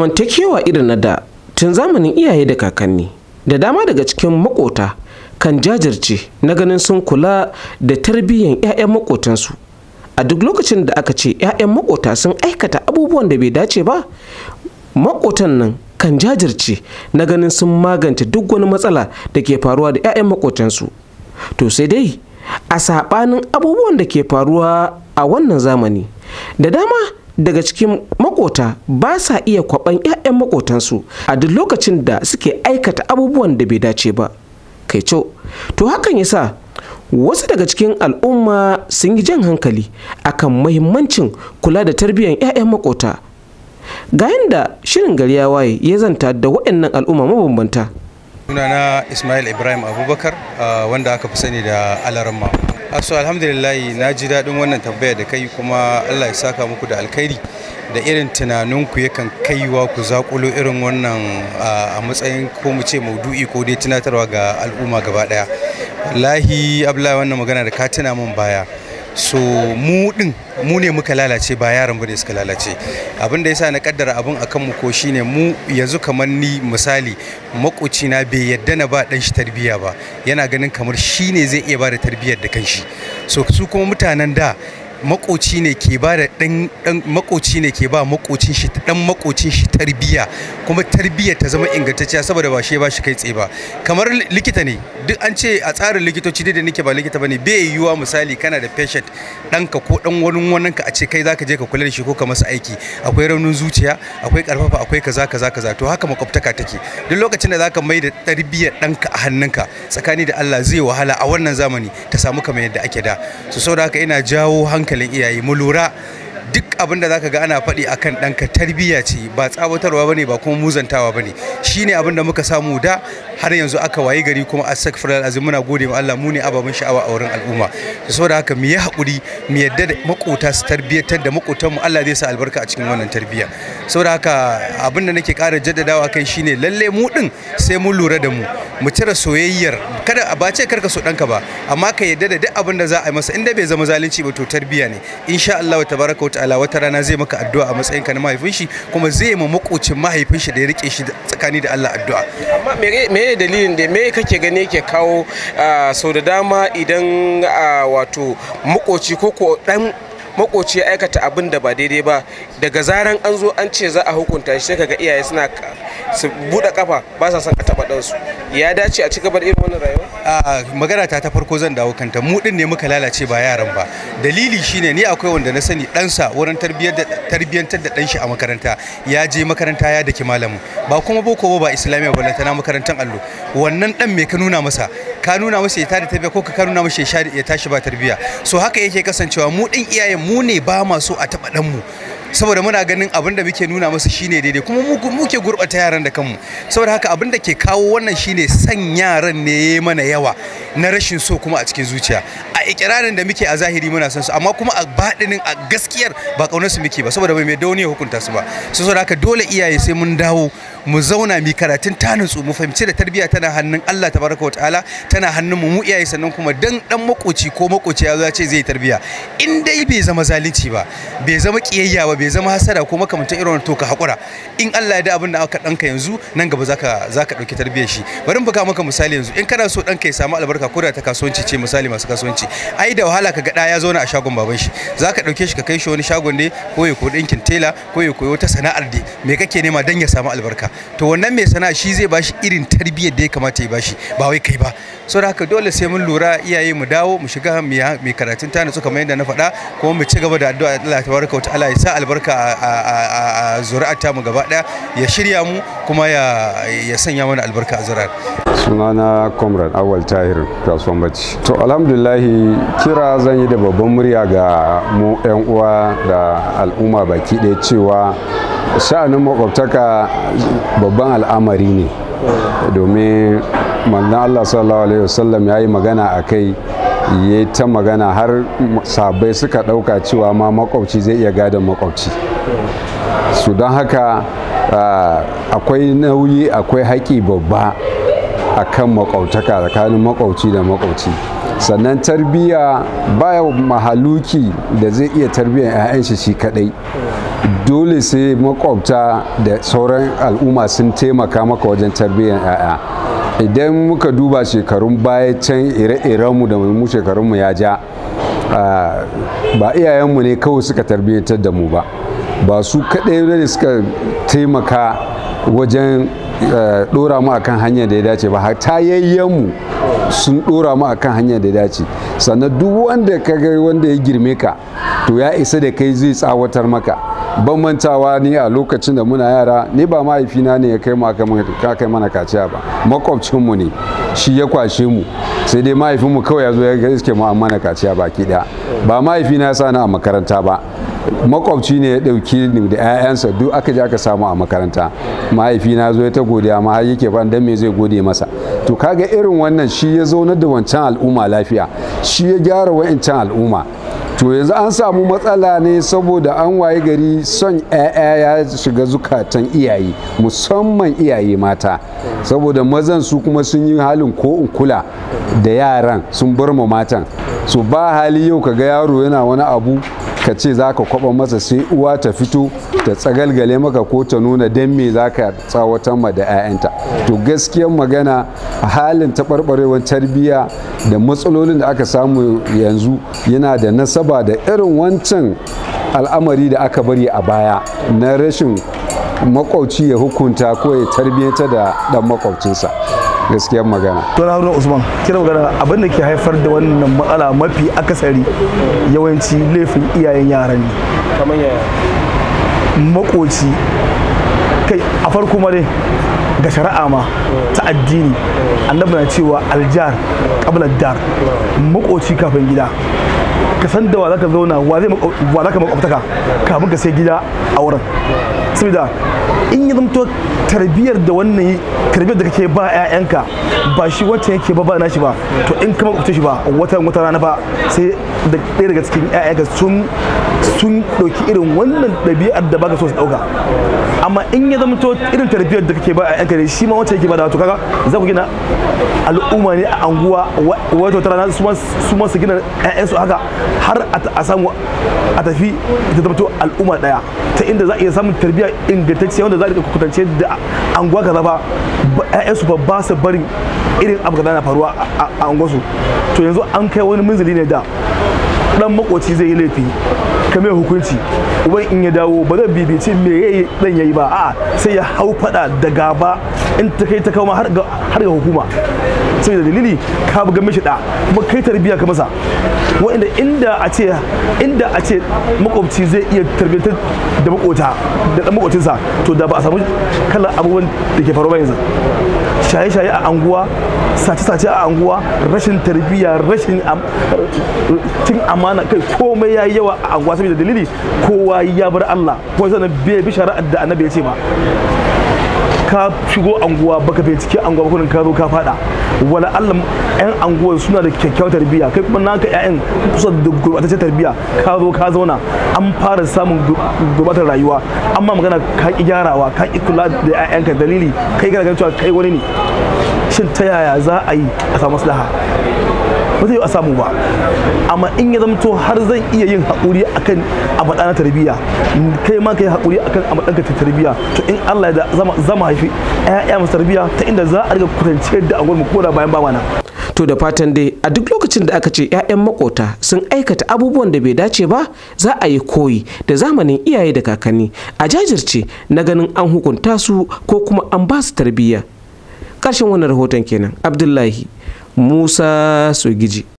zamantakewa irin na da tun zamanin iyaye da kakanni da dama daga cikin makota kan jajirce na ganin sun kula da tarbiyyan 'ya'yan makotansu a duk lokacin da aka ce 'ya'yan makota sun aikata abubuwan da bai dace ba makotan nan kan jajirce na ganin sun magance duk wani matsala da ke faruwa da 'ya'yan makotansu to sai dai a saɓanin abubuwan da ke faruwa a wannan zamani da dama daga cikin makota ba sa iya kwaban 'ya'yan makotansu a duk lokacin da suke aikata abubuwan da bai dace ba kai co to hakan yasa wasu daga cikin al'umma sun yi jan hankali akan mahimmancin kula da tarbiyyar 'ya'yan makota ga yadda shirin gari ya waye ya zanta da waɗannan al'umma mabambanta sunana ismail ibrahim abubakar ah, wanda aka fi sani da alaramma aso ah, alhamdulillah na ji daɗin wannan tambaya da kai kuma allah ya saka muku da alkhairi da irin tunaninku yakan kaiwa ku zakulo irin wannan ah, a matsayin ko mu ce maudu'i ko dai tunatarwa ga al'umma gaba ɗaya wallahi abla wannan magana da ka tuna min baya so mu din mu ne muka lalace ba yaran ba suka lalace abin da yasa na kaddara abin akan mu ko shine mu yanzu kamar ni misali na bai yadda na ba dan shi tarbiya ba yana ganin kamar shine zai iya ba da tarbiyar da kanshi so su kuma mutanen da makoci ne ke ba da dan makoci ne ke ba makocin shi dan makocin shi tarbiya kuma tarbiya ta zama ingantacciya saboda ba shi ba shi kai tsaye ba kamar likita ne duk an ce a tsarin likitoci da nake ba likita bane bai yiwuwa misali kana da patient danka ko dan wani wannan ka a ce kai zaka je ka kula da shi ko ka masa aiki akwai raunin zuciya akwai karfafa akwai kaza kaza kaza to haka makwabtaka take duk lokacin da zaka mai da tarbiyyar danka a hannunka tsakani da Allah zai wahala a wannan zamani ta samu kamar yadda ake da so saboda haka ina jawo hankali hankalin iyaye mu lura duk abin da zaka ga ana faɗi akan ɗanka tarbiyya ce ba tsawatarwa bane ba kuma muzantawa bane shine abin da muka samu da har yanzu aka wayi gari kuma astaghfirullah azim muna gode ma Allah mu ne ababen sha'awa a wurin al'umma saboda haka mu yi hakuri mu yadda da makota su tarbiyyatar da makotan mu Allah zai sa albarka a cikin wannan tarbiyya saboda haka abin da nake ƙara jaddadawa kai shine lalle mu din sai mun lura da mu mu cire soyayyar kada ba kar karka so danka ba amma ka yadda da duk abin da za a yi masa inda bai zama zalunci ba to tarbiya ne insha Allah wa tabaraka wa ta'ala wata rana zai maka addu'a a matsayinka na mahaifin shi kuma zai ma makocin mahaifin shi da ya rike shi tsakani da Allah addu'a amma me me dalilin da me kake gani yake kawo sau da dama idan wato makoci ko dan makoci ya aikata abin da ba daidai ba daga zaran an zo an ce za a hukunta shi sai kaga iyaye suna su buɗe kafa ba sa son a taɓa ɗansu ya dace a ci gaba irin wannan rayuwa a magana ta ta farko zan dawo kanta mu din ne muka lalace ba yaran ba dalili shine ni akwai wanda na sani ɗansa wurin tarbiyyantar da ɗanshi a makaranta ya je makaranta ya daki malamin ba kuma boko ba islamiyya ba na makarantar allo wannan ɗan me ka nuna masa ka nuna masa ya tada tarbiya ko ka nuna masa ya tashi ba tarbiyya so haka yake kasancewa mu ɗin iyayen mu ne ba ma a taɓa ɗanmu mu saboda muna ganin abinda muke nuna masu shine daidai kuma muke gurɓata yaran da kanmu saboda haka abinda ke kawo wannan shine san yaran ne mana yawa na rashin so kuma a cikin zuciya a ikirarin da muke a zahiri muna son su amma kuma a baɗinin a gaskiyar ba kaunar su muke ba saboda bai mai dauni ya hukunta su ba saboda haka dole iyaye sai mun dawo mu zauna mu karatun ta nutsu mu fahimci da tarbiyya tana hannun Allah tabaraka wataala tana hannun mu mu iyaye sannan kuma dan dan makoci ko makoci ya zo ya ce zai tarbiyya in dai bai zama zalunci ba bai zama kiyayya ba bai zama hasada ko makamantan irin to ka hakura in Allah ya da abin da aka danka yanzu nan gaba zaka zaka dauki tarbiyar shi bari mu buga maka misali yanzu in kana so danka ya samu albarka ko da ta kasuwanci ce misali masu kasuwanci ai da wahala ka ga da ya zauna a shagon baban shi zaka dauke shi ka kai shi wani shagon ne ko ya koyi dinkin tela ko ya koyi wata sana'ar da me kake nema dan ya samu albarka to wannan mai sana'a shi zai bashi irin tarbiyyar da ya kamata ya bashi ba wai kai ba saboda haka dole sai mun lura iyaye mu dawo mu shiga mai karatun na su kamar yadda na faɗa kuma mu ci gaba da addu'a Allah baraka wa ta'ala ya sa albarka albarka a mu gaba daya ya shirya mu kuma ya sanya mana albarka a zuri'ar sunana comrade awal tahir kasuwan bacci to alhamdulahi kira zan yi da babban murya ga mu yan uwa da al'umma baki ɗaya cewa sha'anin makwabtaka babban al'amari ne domin manzon Allah sallallahu alaihi wasallam ya yi magana a kai ya ta magana har sabai suka ɗauka cewa ma makwabci zai iya gadon makwabci su don haka akwai nauyi akwai haƙi babba a kan makwabtaka tsakanin makwabci da makwabci sannan tarbiyya ba mahaluki da zai iya tarbiyyar 'ya'yan shi shi kadai dole sai makwabta da sauran al'umma sun taimaka maka wajen tarbiyyar 'ya'ya idan muka duba shekarun baya can ire-irenmu da mu shekarunmu ya ja ba iyayenmu ne kawai suka tarbiyyantar da mu ba ba su kaɗai ne suka taimaka wajen ɗora mu akan hanyar da ya dace ba hatta yayyenmu sun ɗora mu akan hanyar da ya dace sannan duk wanda ka wanda ya girme ka to ya isa da kai zai tsawatar maka ban mantawa ni a lokacin da muna yara ni ba mahaifina ne ya kai ka kai mana kaciya ba makwabcinmu ne shi ya kwashe mu sai dai mahaifinmu kawai ya zo ya iske mu an mana kaciya baki ɗaya ba mahaifina ya sa ni a makaranta ba makwabci ne ya ɗauki ni da 'ya'yansa duk aka je aka samu a makaranta mahaifina zo ya ta godiya ma har yake ban dan me zai gode masa to kaga irin wannan shi ya zaunar da wancan al'umma lafiya shi ya gyara wa'ancan al'umma to yanzu an samu matsala ne saboda an waye gari son 'ya'ya ya shiga zukatan iyaye musamman iyaye mata saboda mazan su kuma sun yi halin ko in kula da yaran sun bar ma matan so ba hali yau kaga yaro yana wani abu ka ce za ka kwaba masa sai uwa ta fito ta tsagalgale maka ko ta nuna don me za ka tsawatan ma da 'ya'yanta to gaskiyar magana a halin taɓarɓarewar tarbiyya da matsalolin da aka samu yanzu yana da nasaba da irin wancan al'amari da aka bari a baya na rashin makwauci ya hukunta ko ya tarbiyyanta da ɗan makwaucinsa gaskiyar magana to haruna usman kira magana abin da ke haifar da wannan matsala mafi akasari yawanci laifin iyayen yaran ne kamar yaya makoci kai a farko ma ga shari'a ma ta addini annabi na cewa aljar kabilar dar makoci kafin gida ka san da wa zaka zauna wa zai wa zaka makwabtaka kafin ka sai gida a wurin saboda in ya zamto tarbiyyar da wannan tarbiyyar da kake ba 'ya'yanka ba shi wacce yake ba ba shi ba to in ka makwabta shi ba wata wata rana ba sai da ɗaya daga cikin 'ya'yanka sun sun ɗauki irin wannan ɗabi'ar da baka so su ɗauka amma in ya zama irin tarbiyyar da kake ba a yanka ne shi ma wacce yake ba da to kaga za ku gina al'umma ne a anguwa wato tara rana su ma su gina ƴaƴansu su haka har a samu a tafi ita zamto al'umma daya ta inda za a iya samun tarbiyya ingantacce wanda za a kutance da anguwa kaza ba ƴaƴansu su ba su barin irin abu kaza na faruwa a anguwarsu to yanzu an kai wani munzili ne da dan makoci zai yi laifi kame hukunci uban in ya dawo ba zan bibici me yayi dan yayi ba a'a sai ya hau fada da gaba in ta kai ta kawo har ga hukuma da dalili ka buga mishi da kuma kai tarbiya ka masa wanda inda a ce inda a ce makwabci zai iya tarbiyyar da makota da dan makocinsa to da ba a samu kallon abubuwan da ke faruwa yanzu shaye-shaye a anguwa sace-sace a anguwa rashin tarbiyya rashin cin amana kai komai ya yi yawa a anguwa saboda dalili kowa ya bar Allah kuma sannan bai bi shari'ar da annabi ya ce ba ka shigo anguwa baka cikin anguwa ba ka zo ka fada wala Allah yan anguwar suna da kyakkyawar tarbiyya kai kuma naka ƴaƴan kusa da gurɓataccen tarbiyya ka zo ka zauna an fara samun gurbatar rayuwa amma magana ka ki gyarawa ka ki kula da yayanka dalili kai kana ganin cewa kai wani ne shin ta yaya za a yi a samu maslaha ba zai a samu ba amma in ya zamto har zan iya yin haƙuri akan abu na tarbiyya kai ma kai haƙuri akan abu ta tarbiyya to in Allah ya zama haifi ƴaƴa masu tarbiyya ta inda za a riga kutance da angon mu koda bayan bawana to da fatan dai a duk lokacin da aka ce 'ya'yan makota sun aikata abubuwan da bai dace ba za a yi koyi da zamanin iyaye da kakanni a jajirce na ganin an hukunta su ko kuma an ba su tarbiyya ƙarshen wannan rahoton kenan abdullahi musa su giji